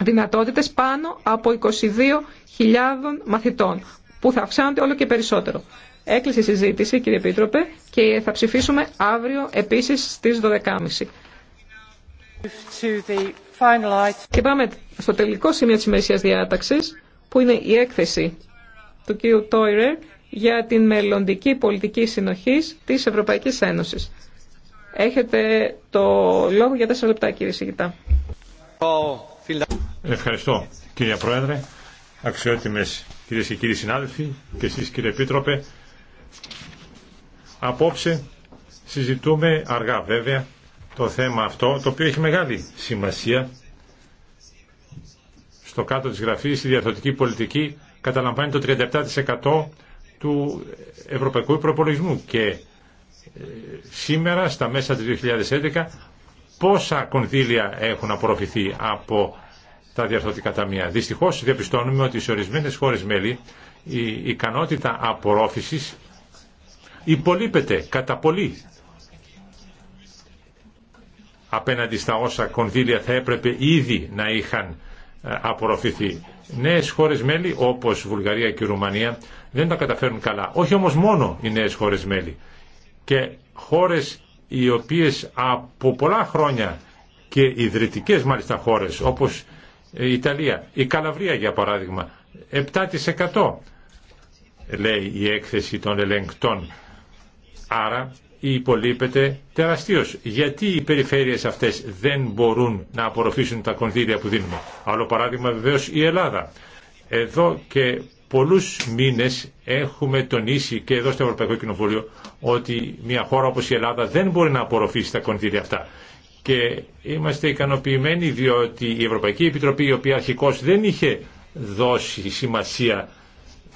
δυνατότητες πάνω από 22.000 μαθητών που θα αυξάνονται όλο και περισσότερο. Έκλεισε η συζήτηση, κύριε Επίτροπε, και θα ψηφίσουμε αύριο επίσης στις 12.30. Και πάμε στο τελικό σημείο της ημερησίας διάταξης, που είναι η έκθεση του κύριου Τόιρερ για την μελλοντική πολιτική συνοχής της Ευρωπαϊκής Ένωσης. Έχετε το λόγο για τέσσερα λεπτά, κύριε Σιγητά. Ευχαριστώ κύριε Πρόεδρε, αξιότιμες κυρίες και κύριοι συνάδελφοι και εσείς κύριε Επίτροπε. Απόψε συζητούμε αργά βέβαια το θέμα αυτό, το οποίο έχει μεγάλη σημασία στο κάτω της γραφής η διαθωτική πολιτική καταλαμβάνει το 37% του ευρωπαϊκού προπολογισμού και ε, σήμερα στα μέσα του 2011 πόσα κονδύλια έχουν απορροφηθεί από τα διαρθρωτικά ταμεία. Δυστυχώ διαπιστώνουμε ότι σε ορισμένε χώρε μέλη η ικανότητα απορρόφηση υπολείπεται κατά πολύ απέναντι στα όσα κονδύλια θα έπρεπε ήδη να είχαν ε, απορροφηθεί. Νέε χώρε μέλη όπω Βουλγαρία και Ρουμανία δεν τα καταφέρουν καλά. Όχι όμω μόνο οι νέε χώρε μέλη. Και χώρε οι οποίε από πολλά χρόνια και ιδρυτικέ μάλιστα χώρε όπω ε, η Ιταλία, η Καλαβρία για παράδειγμα, 7% λέει η έκθεση των ελεγκτών. Άρα υπολείπεται τεραστίως. Γιατί οι περιφέρειες αυτές δεν μπορούν να απορροφήσουν τα κονδύλια που δίνουμε. Άλλο παράδειγμα βεβαίω η Ελλάδα. Εδώ και πολλούς μήνες έχουμε τονίσει και εδώ στο Ευρωπαϊκό Κοινοβούλιο ότι μια χώρα όπως η Ελλάδα δεν μπορεί να απορροφήσει τα κονδύλια αυτά και είμαστε ικανοποιημένοι διότι η Ευρωπαϊκή Επιτροπή η οποία αρχικώς δεν είχε δώσει σημασία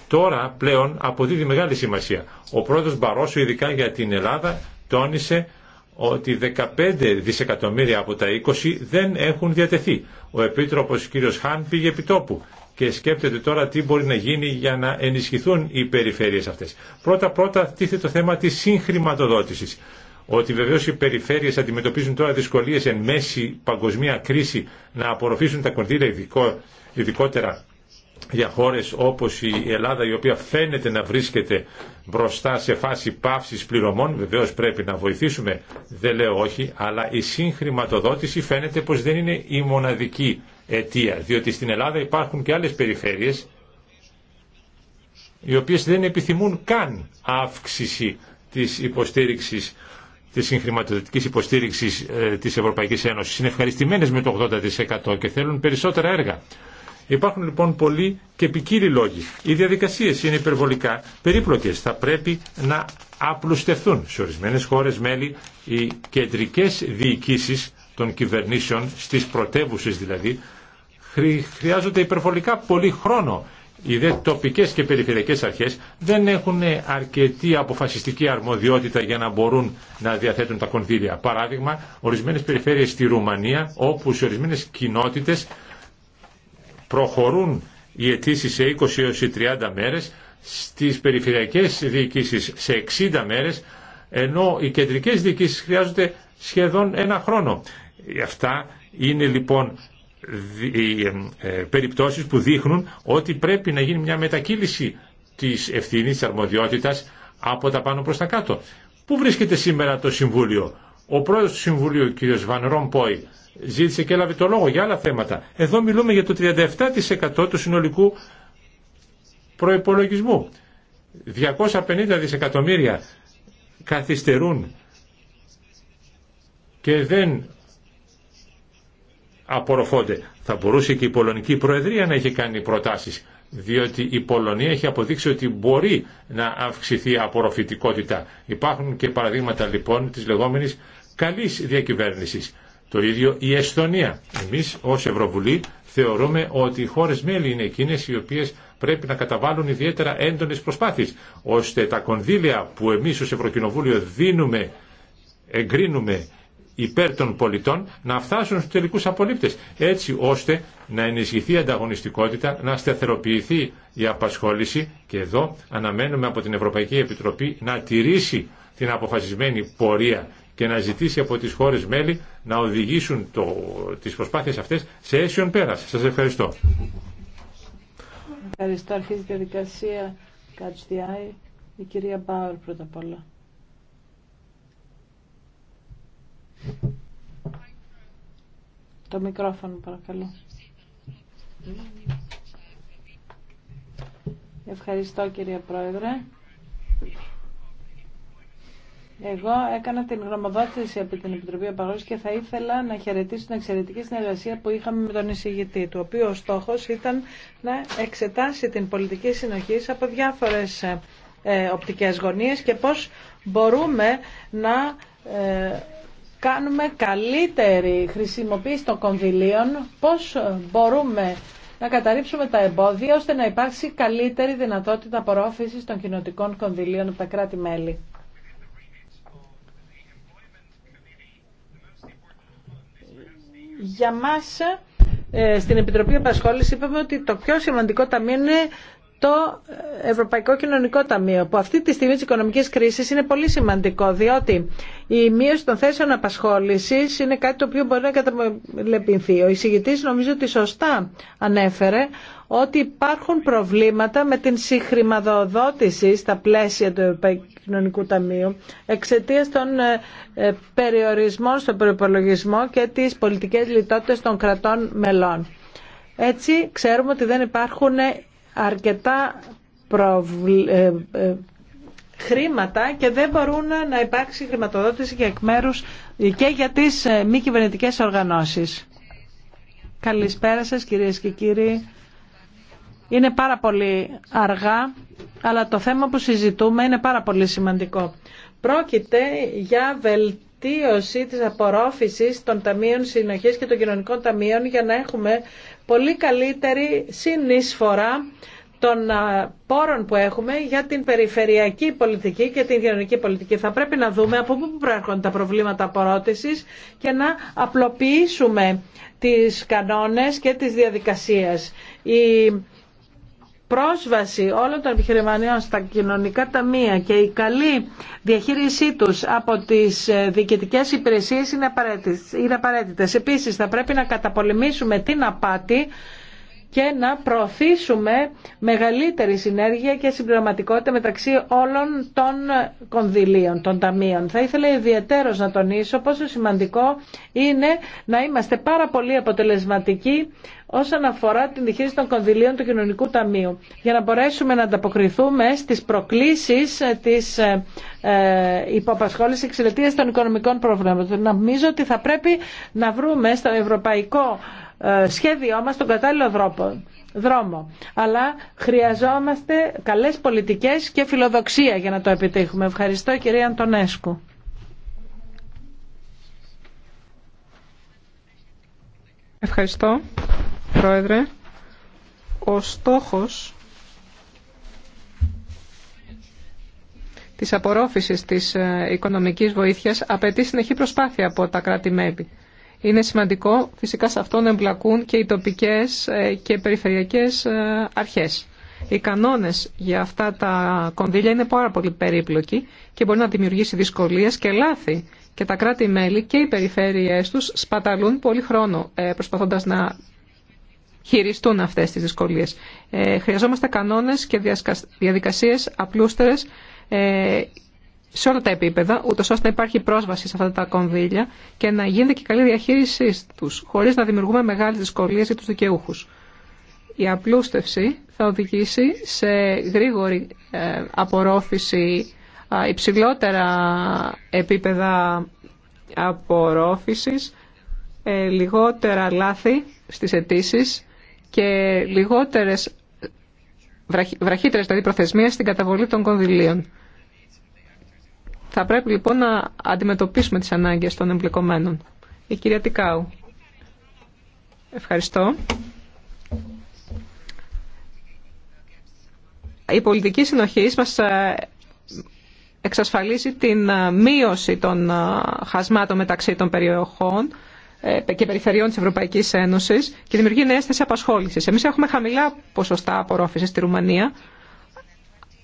τώρα πλέον αποδίδει μεγάλη σημασία. Ο πρόεδρος Μπαρόσο ειδικά για την Ελλάδα τόνισε ότι 15 δισεκατομμύρια από τα 20 δεν έχουν διατεθεί. Ο Επίτροπος κ. Χάν πήγε επί τόπου και σκέπτεται τώρα τι μπορεί να γίνει για να ενισχυθούν οι περιφέρειες αυτές. Πρώτα-πρώτα τίθεται το θέμα της συγχρηματοδότησης ότι βεβαίως οι περιφέρειες αντιμετωπίζουν τώρα δυσκολίες εν μέση παγκοσμία κρίση να απορροφήσουν τα κονδύλια ειδικότερα για χώρες όπως η Ελλάδα η οποία φαίνεται να βρίσκεται μπροστά σε φάση πάυσης πληρωμών βεβαίως πρέπει να βοηθήσουμε δεν λέω όχι αλλά η συγχρηματοδότηση φαίνεται πως δεν είναι η μοναδική αιτία διότι στην Ελλάδα υπάρχουν και άλλες περιφέρειες οι οποίες δεν επιθυμούν καν αύξηση της υποστήριξης της συγχρηματοδοτικής υποστήριξης ε, της Ευρωπαϊκής Ένωσης είναι ευχαριστημένες με το 80% και θέλουν περισσότερα έργα. Υπάρχουν λοιπόν πολλοί και ποικίλοι λόγοι. Οι διαδικασίες είναι υπερβολικά περίπλοκες. Θα πρέπει να απλουστευτούν. Σε ορισμένες χώρες μέλη οι κεντρικές διοικήσεις των κυβερνήσεων, στις πρωτεύουσες δηλαδή, χρειάζονται υπερβολικά πολύ χρόνο οι δε τοπικές και περιφερειακές αρχές δεν έχουν αρκετή αποφασιστική αρμοδιότητα για να μπορούν να διαθέτουν τα κονδύλια. Παράδειγμα, ορισμένες περιφέρειες στη Ρουμανία, όπου σε ορισμένες κοινότητες προχωρούν οι αιτήσει σε 20 έως 30 μέρες, στις περιφερειακές διοικήσεις σε 60 μέρες, ενώ οι κεντρικές διοικήσεις χρειάζονται σχεδόν ένα χρόνο. Αυτά είναι λοιπόν ε, ε, περιπτώσεις που δείχνουν ότι πρέπει να γίνει μια μετακύληση της ευθύνης, της αρμοδιότητας από τα πάνω προς τα κάτω. Πού βρίσκεται σήμερα το Συμβούλιο. Ο πρόεδρος του Συμβουλίου, κ. Βαν Ρομπόι, ζήτησε και έλαβε το λόγο για άλλα θέματα. Εδώ μιλούμε για το 37% του συνολικού προϋπολογισμού. 250 δισεκατομμύρια καθυστερούν και δεν απορροφώνται. Θα μπορούσε και η Πολωνική Προεδρία να έχει κάνει προτάσεις, διότι η Πολωνία έχει αποδείξει ότι μπορεί να αυξηθεί η απορροφητικότητα. Υπάρχουν και παραδείγματα λοιπόν της λεγόμενης καλής διακυβέρνησης. Το ίδιο η Εσθονία. Εμείς ως Ευρωβουλή θεωρούμε ότι οι χώρες μέλη είναι εκείνες οι οποίες πρέπει να καταβάλουν ιδιαίτερα έντονες προσπάθειες, ώστε τα κονδύλια που εμείς ως Ευρωκοινοβούλιο δίνουμε, εγκρίνουμε υπέρ των πολιτών να φτάσουν στους τελικούς απολύπτες έτσι ώστε να ενισχυθεί η ανταγωνιστικότητα, να στεθεροποιηθεί η απασχόληση και εδώ αναμένουμε από την Ευρωπαϊκή Επιτροπή να τηρήσει την αποφασισμένη πορεία και να ζητήσει από τις χώρες μέλη να οδηγήσουν το, τις προσπάθειες αυτές σε αίσιον πέρας. Σας ευχαριστώ. Η κυρία Το μικρόφωνο παρακαλώ. Ευχαριστώ κύριε Πρόεδρε. Εγώ έκανα την γνωμοδότηση από την Επιτροπή Απαγόρευση και θα ήθελα να χαιρετήσω την εξαιρετική συνεργασία που είχαμε με τον εισηγητή του, ο οποίο στόχο ήταν να εξετάσει την πολιτική συνοχή από διάφορε ε, οπτικές γωνίες και πώς μπορούμε να ε, κάνουμε καλύτερη χρησιμοποίηση των κονδυλίων, πώς μπορούμε να καταρρύψουμε τα εμπόδια ώστε να υπάρξει καλύτερη δυνατότητα απορρόφησης των κοινωτικών κονδυλίων από τα κράτη-μέλη. Για μας ε, στην Επιτροπή Επασχόληση είπαμε ότι το πιο σημαντικό ταμείο είναι το Ευρωπαϊκό Κοινωνικό Ταμείο, που αυτή τη στιγμή τη οικονομική κρίση είναι πολύ σημαντικό, διότι η μείωση των θέσεων απασχόληση είναι κάτι το οποίο μπορεί να καταλεπινθεί. Ο εισηγητή νομίζω ότι σωστά ανέφερε ότι υπάρχουν προβλήματα με την συγχρηματοδότηση στα πλαίσια του Ευρωπαϊκού Κοινωνικού Ταμείου εξαιτία των ε, ε, περιορισμών στον προπολογισμό και τις πολιτικές λιτότητε των κρατών μελών. Έτσι ξέρουμε ότι δεν υπάρχουν ε, αρκετά ε, ε, χρήματα και δεν μπορούν να υπάρξει χρηματοδότηση και εκ μέρους και για τις ε, μη κυβερνητικές οργανώσεις. Καλησπέρα σας κυρίες και κύριοι. Είναι πάρα πολύ αργά, αλλά το θέμα που συζητούμε είναι πάρα πολύ σημαντικό. Πρόκειται για βελτίωση της απορρόφησης των Ταμείων Συνοχής και των Κοινωνικών Ταμείων για να έχουμε πολύ καλύτερη συνεισφορά των πόρων που έχουμε για την περιφερειακή πολιτική και την κοινωνική πολιτική. Θα πρέπει να δούμε από πού προέρχονται τα προβλήματα απορρότησης και να απλοποιήσουμε τις κανόνες και τις διαδικασίες πρόσβαση όλων των επιχειρημανιών στα κοινωνικά ταμεία και η καλή διαχείρισή τους από τις ε, διοικητικές υπηρεσίες είναι απαραίτητες. Επίσης θα πρέπει να καταπολεμήσουμε την απάτη και να προωθήσουμε μεγαλύτερη συνέργεια και συμπληρωματικότητα μεταξύ όλων των κονδυλίων, των ταμείων. Θα ήθελα ιδιαίτερο να τονίσω πόσο σημαντικό είναι να είμαστε πάρα πολύ αποτελεσματικοί όσον αφορά την διχείριση των κονδυλίων του Κοινωνικού Ταμείου, για να μπορέσουμε να ανταποκριθούμε στις προκλήσεις της ε, ε, υποπασχόλησης εξαιρετίας των οικονομικών προβλήματων. Νομίζω ότι θα πρέπει να βρούμε στο ευρωπαϊκό ε, σχέδιό μας τον κατάλληλο Δρόμο. Αλλά χρειαζόμαστε καλές πολιτικές και φιλοδοξία για να το επιτύχουμε. Ευχαριστώ κυρία Αντωνέσκου. Ευχαριστώ, Πρόεδρε. Ο στόχος της απορρόφησης της ε, οικονομικής βοήθειας απαιτεί συνεχή προσπάθεια από τα κράτη-μέλη. Είναι σημαντικό φυσικά σε αυτό να εμπλακούν και οι τοπικές ε, και περιφερειακές ε, αρχές. Οι κανόνες για αυτά τα κονδύλια είναι πάρα πολύ περίπλοκοι και μπορεί να δημιουργήσει δυσκολίες και λάθη. Και τα κράτη-μέλη και οι περιφέρειές τους σπαταλούν πολύ χρόνο ε, προσπαθώντας να χειριστούν αυτές τις δυσκολίες. Χρειαζόμαστε κανόνες και διαδικασίες απλούστερες σε όλα τα επίπεδα, ούτω ώστε να υπάρχει πρόσβαση σε αυτά τα κονδύλια και να γίνεται και καλή διαχείρισή του, χωρί να δημιουργούμε μεγάλε δυσκολίε για του δικαιούχου. Η απλούστευση θα οδηγήσει σε γρήγορη ε, απορρόφηση, υψηλότερα επίπεδα απορρόφησης, ε, λιγότερα λάθη στις αιτήσει και λιγότερες ε, βραχύτερες δηλαδή στην καταβολή των κονδυλίων. Θα πρέπει λοιπόν να αντιμετωπίσουμε τις ανάγκες των εμπλεκομένων. Η κυρία Τικάου. Ευχαριστώ. Η πολιτική συνοχή μας ε, εξασφαλίζει την ε, μείωση των ε, χασμάτων μεταξύ των περιοχών και περιφερειών της Ευρωπαϊκής Ένωσης και δημιουργεί νέες θέσεις απασχόλησης. Εμείς έχουμε χαμηλά ποσοστά απορρόφησης στη Ρουμανία,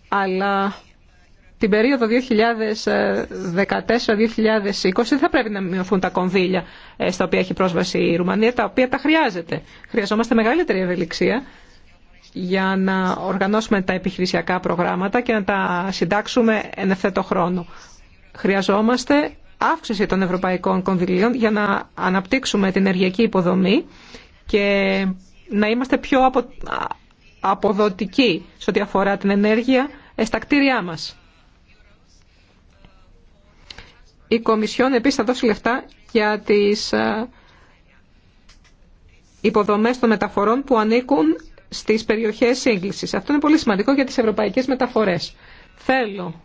αλλά την περίοδο 2014-2020 θα πρέπει να μειωθούν τα κονδύλια ε, στα οποία έχει πρόσβαση η Ρουμανία, τα οποία τα χρειάζεται. Χρειαζόμαστε μεγαλύτερη ευελιξία για να οργανώσουμε τα επιχειρησιακά προγράμματα και να τα συντάξουμε εν ευθέτω χρόνο. Χρειαζόμαστε αύξηση των ευρωπαϊκών κονδυλίων για να αναπτύξουμε την ενεργειακή υποδομή και να είμαστε πιο αποδοτικοί σε ό,τι αφορά την ενέργεια ε, στα κτίρια μας. Η Κομισιόν επίσης θα δώσει λεφτά για τις ε, υποδομές των μεταφορών που ανήκουν στις περιοχές σύγκλησης. Αυτό είναι πολύ σημαντικό για τις ευρωπαϊκές μεταφορές. Θέλω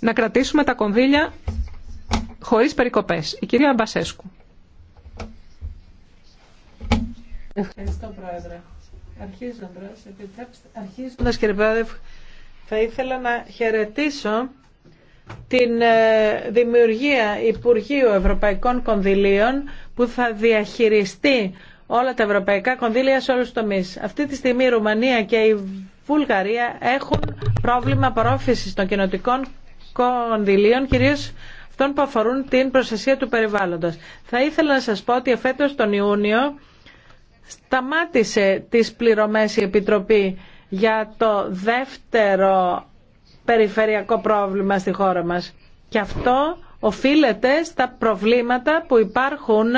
να κρατήσουμε τα κονδύλια χωρίς περικοπές. Η κυρία Μπασέσκου. Ευχαριστώ, Πρόεδρε. Αρχίζοντας, επιτρέψτε, αρχίζοντας, κύριε Πρόεδρε, θα ήθελα να χαιρετήσω την ε, δημιουργία Υπουργείου Ευρωπαϊκών Κονδυλίων που θα διαχειριστεί όλα τα ευρωπαϊκά κονδύλια σε όλους τους τομείς. Αυτή τη στιγμή η Ρουμανία και η Βουλγαρία έχουν πρόβλημα απορρόφησης των κοινοτικών κονδυλίων, κυρίως αυτών που αφορούν την προστασία του περιβάλλοντος. Θα ήθελα να σας πω ότι εφέτος τον Ιούνιο σταμάτησε τις πληρωμές η Επιτροπή για το δεύτερο περιφερειακό πρόβλημα στη χώρα μας. Και αυτό οφείλεται στα προβλήματα που υπάρχουν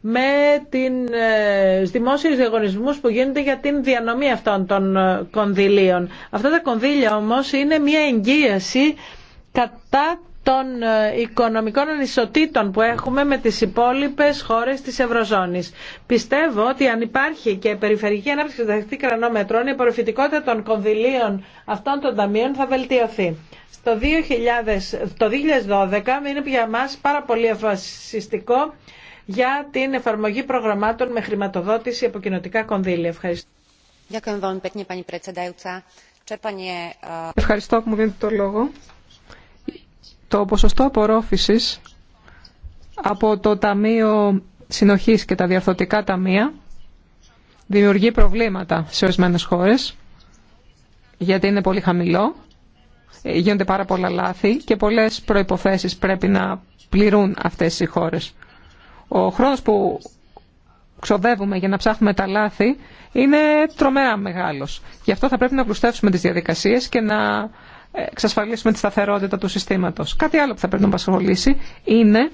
με την, ε, δημόσιους που γίνονται για την διανομή αυτών των ε, κονδυλίων. Αυτά τα κονδύλια όμως είναι μια εγγύαση κατά των ε, οικονομικών ανισοτήτων που έχουμε με τις υπόλοιπες χώρες της Ευρωζώνης. Πιστεύω ότι αν υπάρχει και περιφερειακή ανάπτυξη των δεχτή κρανόμετρων, η απορροφητικότητα των κονδυλίων αυτών των ταμείων θα βελτιωθεί. Στο το 2012 είναι για μας πάρα πολύ αφασιστικό για την εφαρμογή προγραμμάτων με χρηματοδότηση από κοινοτικά κονδύλια. Ευχαριστώ. Ε, Ευχαριστώ που μου δίνετε το λόγο το ποσοστό απορρόφησης από το Ταμείο Συνοχής και τα Διαρθωτικά Ταμεία δημιουργεί προβλήματα σε ορισμένες χώρες γιατί είναι πολύ χαμηλό, ε, γίνονται πάρα πολλά λάθη και πολλές προϋποθέσεις πρέπει να πληρούν αυτές οι χώρες. Ο χρόνος που ξοδεύουμε για να ψάχνουμε τα λάθη είναι τρομερά μεγάλος. Γι' αυτό θα πρέπει να πλουστεύσουμε τις διαδικασίες και να εξασφαλίσουμε τη σταθερότητα του συστήματος. Κάτι άλλο που θα πρέπει να μας ασχολήσει είναι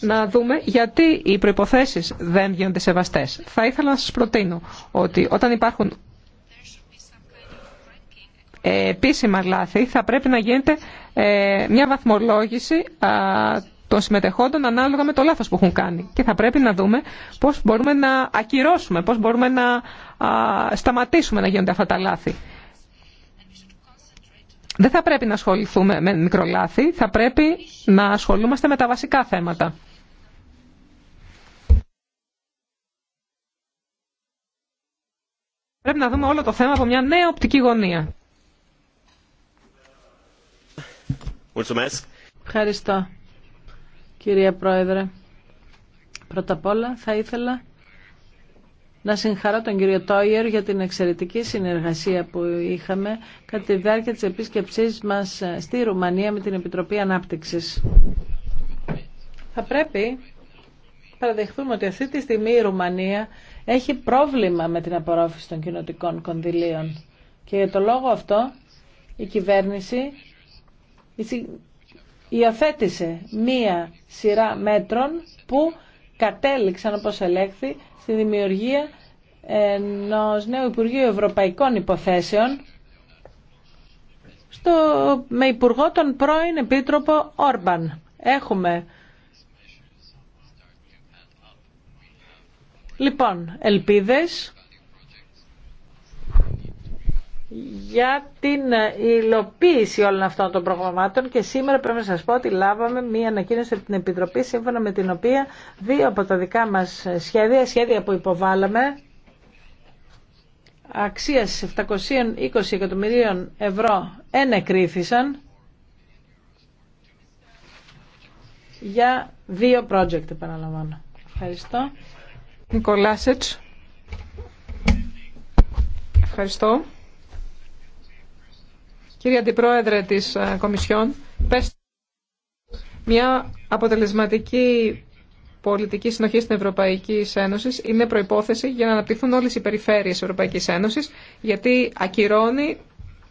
να δούμε γιατί οι προϋποθέσεις δεν γίνονται σεβαστές. Θα ήθελα να σας προτείνω ότι όταν υπάρχουν επίσημα λάθη θα πρέπει να γίνεται ε, μια βαθμολόγηση των συμμετεχόντων ανάλογα με το λάθος που έχουν κάνει. Και θα πρέπει να δούμε πώς μπορούμε να ακυρώσουμε, πώς μπορούμε να σταματήσουμε να γίνονται αυτά τα λάθη δεν θα πρέπει να ασχοληθούμε με μικρολάθη, θα πρέπει να ασχολούμαστε με τα βασικά θέματα. Πρέπει να δούμε όλο το θέμα από μια νέα οπτική γωνία. Ευχαριστώ, κυρία Πρόεδρε. Πρώτα απ' όλα θα ήθελα να συγχαρώ τον κύριο Τόιερ για την εξαιρετική συνεργασία που είχαμε κατά τη διάρκεια της επίσκεψής μας στη Ρουμανία με την Επιτροπή Ανάπτυξης. Θα πρέπει να παραδεχθούμε ότι αυτή τη στιγμή η Ρουμανία έχει πρόβλημα με την απορρόφηση των κοινωτικών κονδυλίων. Και για το λόγο αυτό η κυβέρνηση υιοθέτησε μία σειρά μέτρων που κατέληξαν, όπως ελέγχθη, στη δημιουργία ενός νέου Υπουργείου Ευρωπαϊκών Υποθέσεων στο, με υπουργό τον πρώην Επίτροπο Όρμπαν. Έχουμε Λοιπόν, ελπίδες για την ε, υλοποίηση όλων αυτών των προγραμμάτων και σήμερα πρέπει να σας πω ότι λάβαμε μία ανακοίνωση από την Επιτροπή σύμφωνα με την οποία δύο από τα δικά μας σχέδια, σχέδια που υποβάλαμε αξίας 720 εκατομμυρίων ευρώ ενεκρίθησαν για δύο project επαναλαμβάνω. Ευχαριστώ. Νικολάσετς. Ευχαριστώ. Κύριε Αντιπρόεδρε της ε, Κομισιόν, μια αποτελεσματική πολιτική συνοχή στην Ευρωπαϊκή Ένωση είναι προϋπόθεση για να αναπτυχθούν όλες οι περιφέρειες της ευρωπαϊκής ένωσης, γιατί ακυρώνει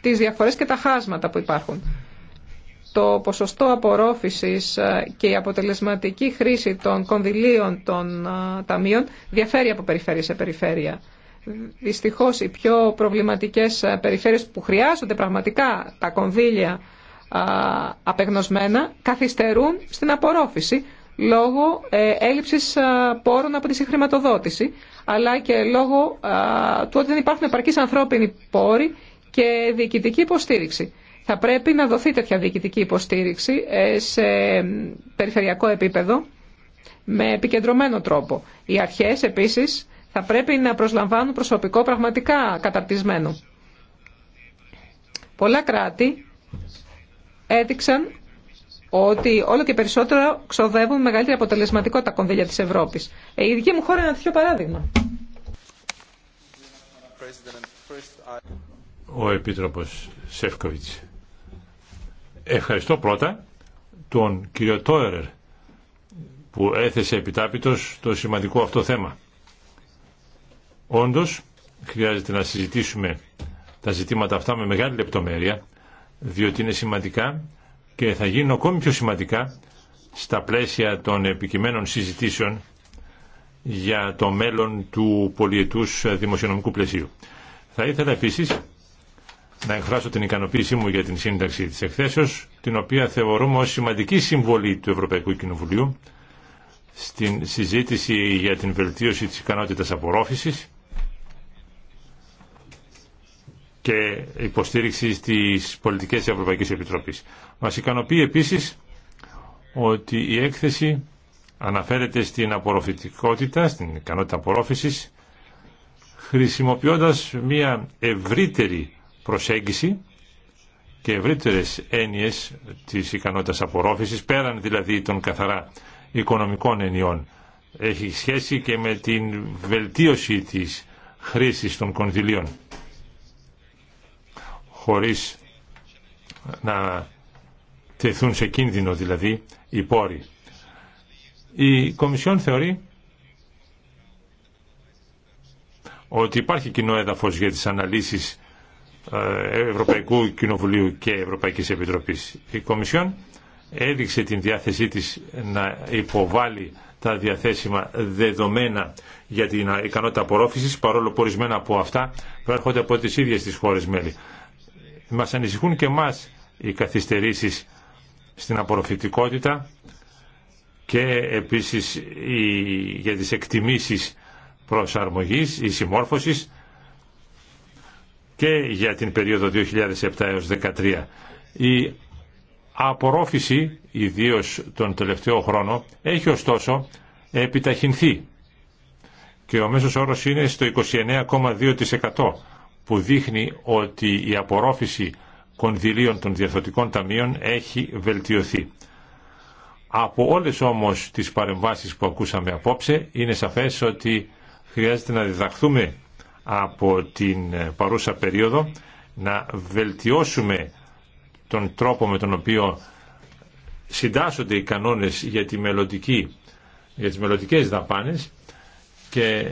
τις διαφορές και τα χάσματα που υπάρχουν. Το ποσοστό απορρόφησης ε, και η αποτελεσματική χρήση των κονδυλίων των ε, ταμείων διαφέρει από περιφέρεια σε περιφέρεια δυστυχώς οι πιο προβληματικές περιφέρειες που χρειάζονται πραγματικά τα κονδύλια απεγνωσμένα καθυστερούν στην απορρόφηση λόγω ε, έλλειψης πόρων από τη συγχρηματοδότηση αλλά και λόγω του ότι δεν υπάρχουν επαρκείς ανθρώπινοι πόροι και διοικητική υποστήριξη. Θα πρέπει να δοθεί τέτοια διοικητική υποστήριξη ε, σε περιφερειακό επίπεδο με επικεντρωμένο τρόπο. Οι αρχές επίσης θα πρέπει να προσλαμβάνουν προσωπικό πραγματικά καταρτισμένο. Πολλά κράτη έδειξαν ότι όλο και περισσότερο ξοδεύουν μεγαλύτερη αποτελεσματικότητα κονδύλια της Ευρώπης. Ε, η δική μου χώρα είναι ένα τέτοιο παράδειγμα. Ο Επίτροπος Σεύκοβιτς. Ευχαριστώ πρώτα τον κύριο Τόερερ που έθεσε επιτάπητος το σημαντικό αυτό θέμα. Όντως, χρειάζεται να συζητήσουμε τα ζητήματα αυτά με μεγάλη λεπτομέρεια, διότι είναι σημαντικά και θα γίνουν ακόμη πιο σημαντικά στα πλαίσια των επικειμένων συζητήσεων για το μέλλον του πολιετούς δημοσιονομικού πλαισίου. Θα ήθελα επίσης να εκφράσω την ικανοποίησή μου για την σύνταξη της εκθέσεως, την οποία θεωρούμε ως σημαντική συμβολή του Ευρωπαϊκού Κοινοβουλίου στην συζήτηση για την βελτίωση της ικανότητας απορρόφησης και υποστήριξη στις πολιτικές της Ευρωπαϊκής Επιτροπής. Μας ικανοποιεί επίσης ότι η έκθεση αναφέρεται στην απορροφητικότητα, στην ικανότητα απορρόφησης, χρησιμοποιώντας μια ευρύτερη προσέγγιση και ευρύτερες έννοιες της ικανότητας απορρόφησης, πέραν δηλαδή των καθαρά οικονομικών ενιών. Έχει σχέση και με την βελτίωση της χρήσης των κονδυλίων χωρίς να τεθούν σε κίνδυνο δηλαδή οι πόροι. Η Κομισιόν θεωρεί ότι υπάρχει κοινό έδαφος για τις αναλύσεις ε, Ευρωπαϊκού Κοινοβουλίου και Ευρωπαϊκής Επιτροπής. Η Κομισιόν έδειξε την διάθεσή της να υποβάλει τα διαθέσιμα δεδομένα για την ικανότητα απορρόφησης, παρόλο που ορισμένα από αυτά προέρχονται από τις ίδιες τις χώρες μέλη. Μας ανησυχούν και μας οι καθυστερήσεις στην απορροφητικότητα και επίσης οι για τις εκτιμήσεις προσαρμογής ή συμμόρφωσης και για την περίοδο 2007 έως 2013. Η απορρόφηση, ιδίως τον τελευταίο χρόνο, έχει ωστόσο επιταχυνθεί και ο μέσος όρος είναι στο 29,2% που δείχνει ότι η απορρόφηση κονδυλίων των διαθωτικών ταμείων έχει βελτιωθεί. Από όλες όμως τις παρεμβάσεις που ακούσαμε απόψε είναι σαφές ότι χρειάζεται να διδαχθούμε από την παρούσα περίοδο να βελτιώσουμε τον τρόπο με τον οποίο συντάσσονται οι κανόνες για, τη μελλοντική, για τις μελλοντικές δαπάνες και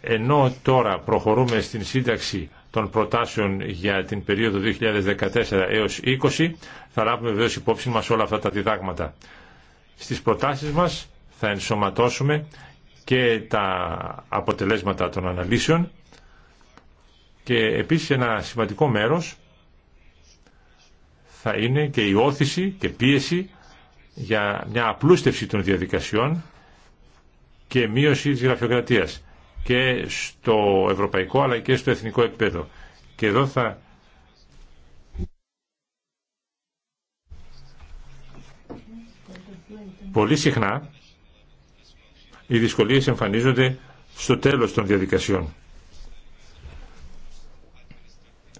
ενώ τώρα προχωρούμε στην σύνταξη των προτάσεων για την περίοδο 2014 έως 20 θα λάβουμε βεβαίω υπόψη μας όλα αυτά τα διδάγματα. Στις προτάσεις μας θα ενσωματώσουμε και τα αποτελέσματα των αναλύσεων και επίσης ένα σημαντικό μέρος θα είναι και η όθηση και πίεση για μια απλούστευση των διαδικασιών και μείωση της γραφειοκρατίας και στο ευρωπαϊκό αλλά και στο εθνικό επίπεδο. Και εδώ θα πολύ συχνά οι δυσκολίες εμφανίζονται στο τέλος των διαδικασιών.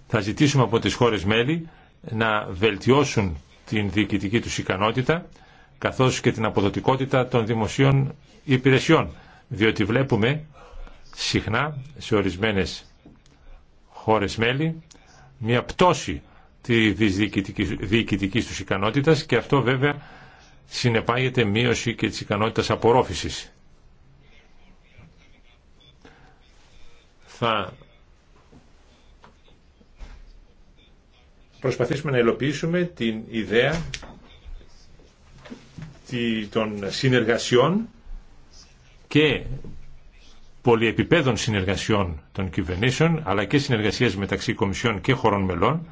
Θα ζητήσουμε από τις χώρες μέλη να βελτιώσουν την διοικητική τους ικανότητα καθώς και την αποδοτικότητα των δημοσίων υπηρεσιών διότι βλέπουμε συχνά σε ορισμένες χώρες μέλη μια πτώση της διοικητική του ικανότητας και αυτό βέβαια συνεπάγεται μείωση και της ικανότητας απορρόφησης. Θα προσπαθήσουμε να υλοποιήσουμε την ιδέα των συνεργασιών και πολυεπιπέδων συνεργασιών των κυβερνήσεων αλλά και συνεργασίες μεταξύ κομισιών και χωρών μελών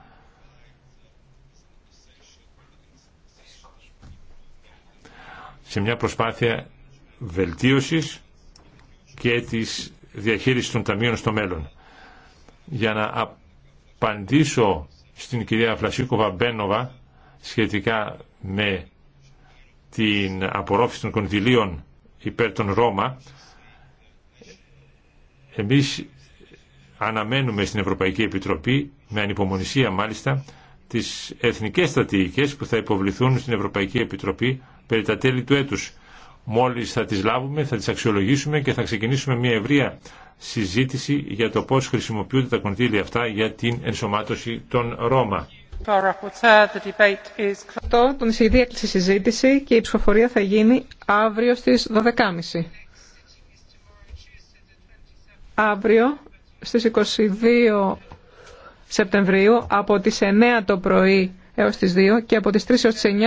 σε μια προσπάθεια βελτίωσης και της διαχείρισης των ταμείων στο μέλλον. Για να απαντήσω στην κυρία Φλασίκοβα Μπένοβα σχετικά με την απορρόφηση των κονδυλίων υπέρ των Ρώμα, εμείς αναμένουμε στην Ευρωπαϊκή Επιτροπή, με ανυπομονησία μάλιστα, τις εθνικές στρατηγικές που θα υποβληθούν στην Ευρωπαϊκή Επιτροπή περί τα τέλη του έτους. Μόλις θα τις λάβουμε, θα τις αξιολογήσουμε και θα ξεκινήσουμε μια ευρεία συζήτηση για το πώς χρησιμοποιούνται τα κονδύλια αυτά για την ενσωμάτωση των Ρώμα. έκλεισε συζήτηση και η ψηφοφορία θα γίνει αύριο στις 12.30 αύριο στις 22 Σεπτεμβρίου από τις 9 το πρωί έως τις 2 και από τις 3 έως τις 9